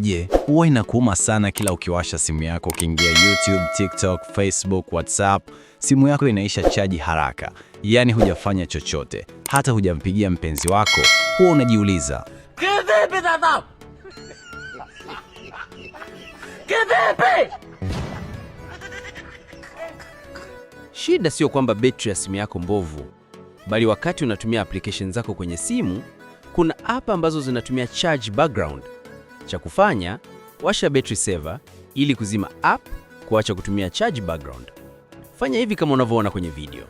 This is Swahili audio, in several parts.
Je, huwa inakuuma sana kila ukiwasha simu yako, ukiingia YouTube, TikTok, Facebook, WhatsApp, simu yako inaisha chaji haraka, yaani hujafanya chochote, hata hujampigia mpenzi wako? Huwa unajiuliza kivipi sasa, kivipi? Shida sio kwamba betri ya simu yako mbovu, bali wakati unatumia application zako kwenye simu, kuna app ambazo zinatumia charge background cha kufanya, washa battery saver ili kuzima app, kuacha kutumia charge background. Fanya hivi kama unavyoona kwenye video.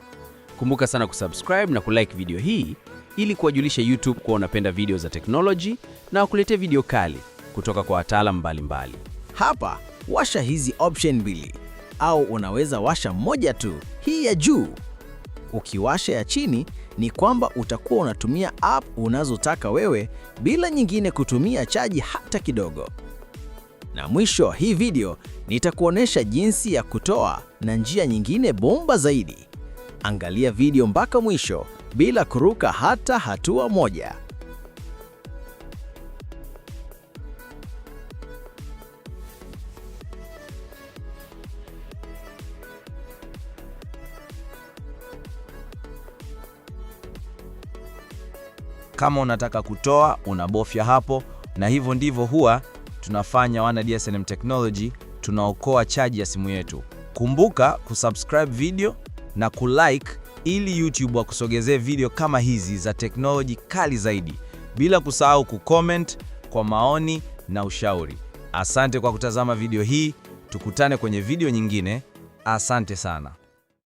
Kumbuka sana kusubscribe na kulike video hii ili kuwajulisha YouTube kuwa unapenda video za technology na wakuletee video kali kutoka kwa wataalamu mbalimbali. Hapa washa hizi option mbili au unaweza washa moja tu, hii ya juu. Ukiwasha ya chini ni kwamba utakuwa unatumia app unazotaka wewe bila nyingine kutumia chaji hata kidogo. Na mwisho wa hii video nitakuonesha jinsi ya kutoa na njia nyingine bomba zaidi. Angalia video mpaka mwisho bila kuruka hata hatua moja. Kama unataka kutoa, unabofya hapo, na hivyo ndivyo huwa tunafanya wana DSnm Technology, tunaokoa chaji ya simu yetu. Kumbuka kusubscribe video na kulike ili YouTube wakusogezee video kama hizi za teknoloji kali zaidi, bila kusahau kucomment kwa maoni na ushauri. Asante kwa kutazama video hii, tukutane kwenye video nyingine. Asante sana.